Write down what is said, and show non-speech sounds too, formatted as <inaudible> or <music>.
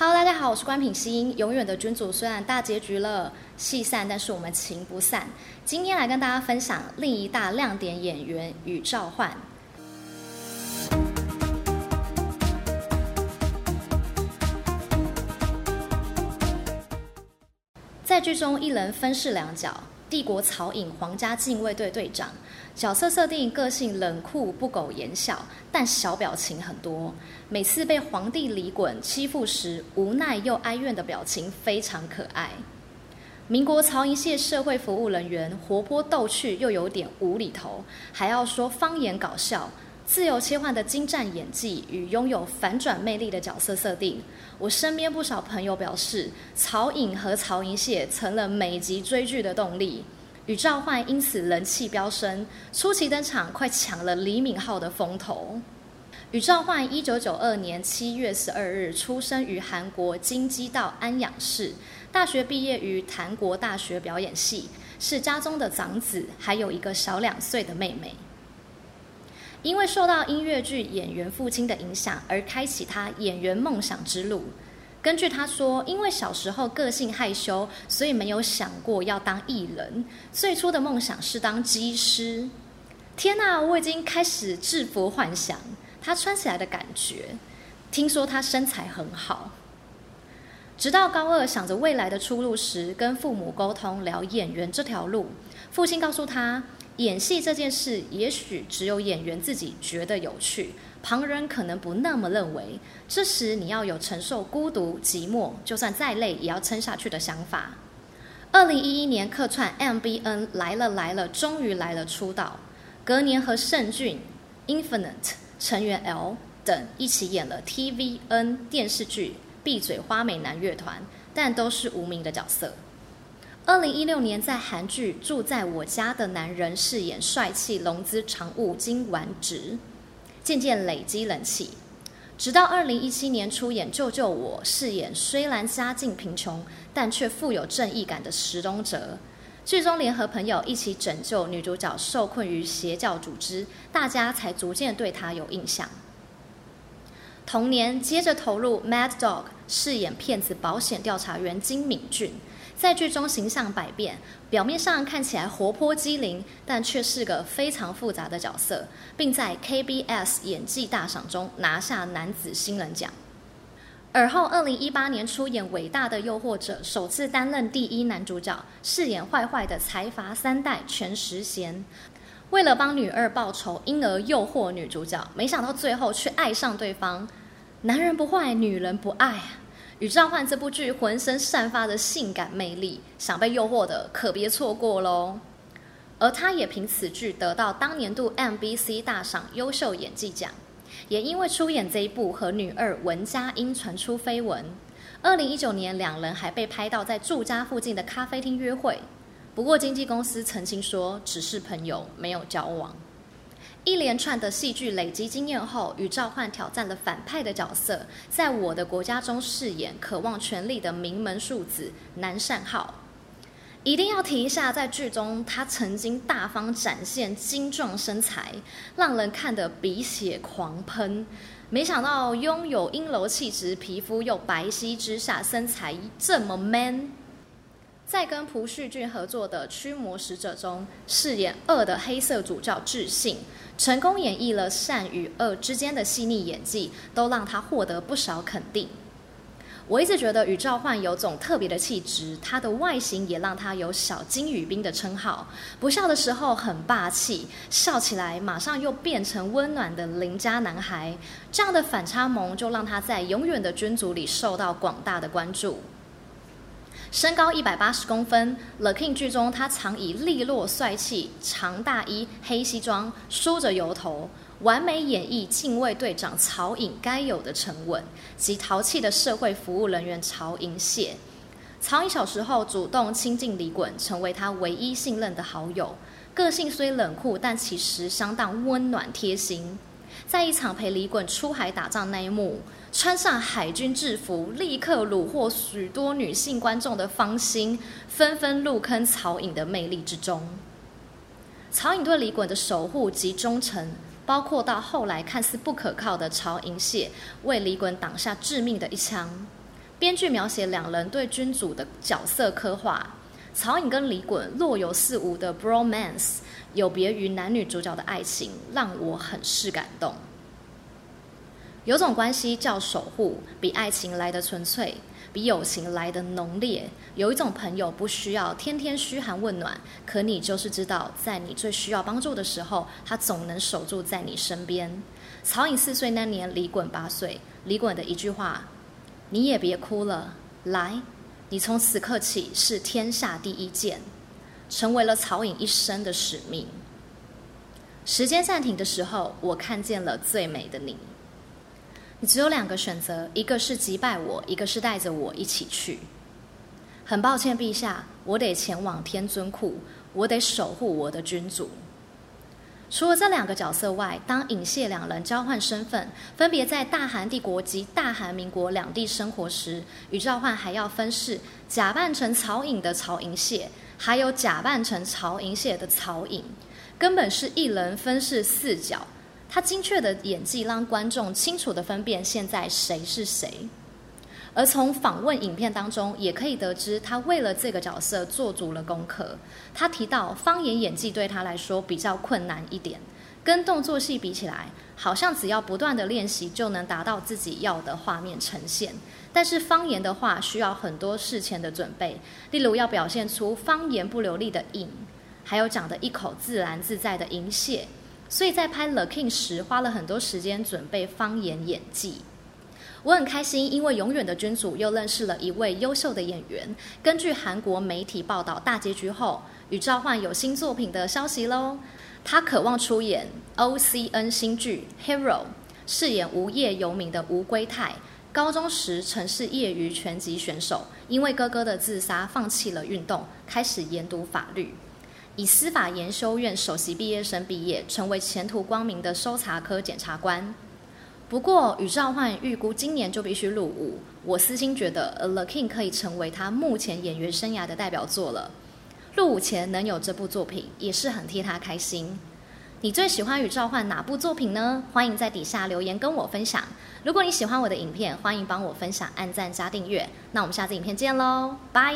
Hello，大家好，我是官品心。永遠的君主雖然大結局了，戲散，但是我們情不散。今天來跟大家分享另一大亮點——演員禹棹煥。 <music> 在劇中一人分飾兩角。帝國曹影，皇家近衛隊隊長，角色設定個性冷酷不苟言笑，但小表情很多。每次被皇帝李袞欺負時，無奈又哀怨的表情非常可愛。民國曹誾燮社會服務人員，活潑逗趣又有點無厘頭，還要說方言搞笑。自由切換的精湛演技與擁有反轉魅力的角色設定，我身邊不少朋友表示，曹影和曹誾燮成了每集追劇的動力，禹棹煥因此人氣飆升，初期登場快搶了李敏鎬的風頭。禹棹煥一九九二年七月十二日出生於韓國京畿道安陽市，大學畢業於檀國大學表演系，是家中的長子，還有一個小兩歲的妹妹。因為受到音樂劇演員父親的影響而開啟他演員夢想之路。根據他說，因為小時候個性害羞，所以沒有想過要當藝人。最初的夢想是當機師。天吶、啊，我已經開始制服幻想他穿起來的感覺。聽說他身材很好。直到高二想着未來的出路時，跟父母溝通聊演員這條路，父親告訴他，演戲這件事，也許只有演員自己覺得有趣，旁人可能不那麼認為。這時你要有承受孤獨、寂寞，就算再累也要撐下去的想法。2011年客串 MBN 來了來了，終於來了出道。隔年和盛俊、Infinite 成員 L 等一起演了 TVN 電視劇《閉嘴花美男樂團》，但都是無名的角色。二零一六年，在韓劇《住在我家的男人》飾演帥氣融資常務金完植，漸漸累積人氣。直到二零一七年出演《救救我》，飾演雖然家境貧窮，但卻富有正義感的石東哲。劇中聯合朋友一起拯救女主角受困於邪教組織，大家才逐漸對他有印象。同年，接着投入《Mad Dog》，飾演騙子保險調查員金敏俊。在劇中形象百變，表面上看起來活潑機靈，但卻是個非常複雜的角色，並在 KBS 演技大賞中拿下男子新人獎。爾後，2018年出演《偉大的誘惑者》，首次擔任第一男主角，飾演壞壞的財閥三代全時賢，為了幫女二報仇，因而誘惑女主角，沒想到最後卻愛上對方，男人不壞，女人不愛。禹棹煥這部劇渾身散發着性感魅力，想被誘惑的可別錯過嘍。而他也憑此劇得到當年度 MBC 大賞優秀演技獎，也因為出演這一部和女二文佳煐傳出緋聞。二零一九年，兩人還被拍到在住家附近的咖啡廳約會，不過經紀公司澄清說只是朋友，沒有交往。一連串的戲劇累積經驗後，與召喚挑戰的反派的角色，在我的國家中飾演渴望權力的名門庶子南善浩。一定要提一下，在劇中他曾經大方展現精壯身材，讓人看得鼻血狂噴。沒想到擁有陰柔氣質、皮膚又白皙之下，身材這麼 man。在跟朴敘俊合作的《驅魔使者》中，飾演惡的黑色主教智信，成功演繹了善與惡之間的細膩演技，都讓他獲得不少肯定。我一直覺得禹棹奐有種特別的氣質，他的外形也讓他有“小金宇彬”的稱號。不笑的時候很霸氣，笑起來馬上又變成溫暖的鄰家男孩，這樣的反差萌就讓他在《永遠的君主》裡受到廣大的關注。身高一百八十公分 The King 劇中，他常以利落帥氣長大衣、黑西裝、梳着油頭，完美演繹近衛隊長曹影該有的沉穩及淘氣的社會服務人員曹誾燮。曹影小時候主動親近李袞，成為他唯一信任的好友。個性雖冷酷，但其實相當溫暖貼心。在一場陪李袞出海打仗那一幕，穿上海軍制服，立刻虜獲許多女性觀眾的芳心，紛紛入坑曹影的魅力之中。曹影對李袞的守護及忠誠，包括到後來看似不可靠的曹誾燮為李袞擋下致命的一槍。編劇描寫兩人對君主的角色刻畫。曹影跟李袞若有似無的 bromance，有別於男女主角的愛情，讓我很是感動。有種關係叫守護，比愛情來得純粹，比友情來得濃烈。有一種朋友不需要天天噓寒問暖，可你就是知道，在你最需要幫助的時候，他總能守住在你身邊。曹影四歲那年，李袞八歲。李袞的一句話：“你也別哭了，來。”你從此刻起是天下第一劍，成為了曹影一生的使命。時間暫停的時候，我看見了最美的你。你只有兩個選擇，一個是擊敗我，一個是帶着我一起去。很抱歉，陛下，我得前往天尊庫，我得守護我的君主。除了這兩個角色外，當影燮兩人交換身份，分別在大韓帝國及大韓民國兩地生活時，禹棹煥還要分飾假扮成曹影的曹誾燮，還有假扮成曹誾燮的曹影，根本是一人分飾四角。他精確的演技讓觀眾清楚地分辨現在誰是誰。而從訪問影片當中，也可以得知，他為了這個角色做足了功課。他提到，方言演技對他來說比較困難一點，跟動作戲比起來，好像只要不斷的練習就能達到自己要的畫面呈現。但是方言的話，需要很多事前的準備，例如要表現出方言不流利的影，還有講的一口自然自在的誾燮。所以在拍《The King》時，花了很多時間準備方言演技。我很開心，因為《永遠的君主》又認識了一位優秀的演員。根據韓國媒體報道，大結局後，禹棹煥有新作品的消息嘍。他渴望出演 OCN 新劇《Hero》，飾演無業遊民的吳歸泰。高中時曾是業餘拳擊選手，因為哥哥的自殺放棄了運動，開始研讀法律。以司法研修院首席畢業生畢業，成為前途光明的搜查科檢察官。不過，禹棹煥預估今年就必須入伍。我私心覺得，《The King》可以成為他目前演員生涯的代表作了。入伍前能有這部作品，也是很替他開心。你最喜歡禹棹煥哪部作品呢？歡迎在底下留言跟我分享。如果你喜歡我的影片，歡迎幫我分享、按讚加訂閱。那我們下次影片見嘍，拜。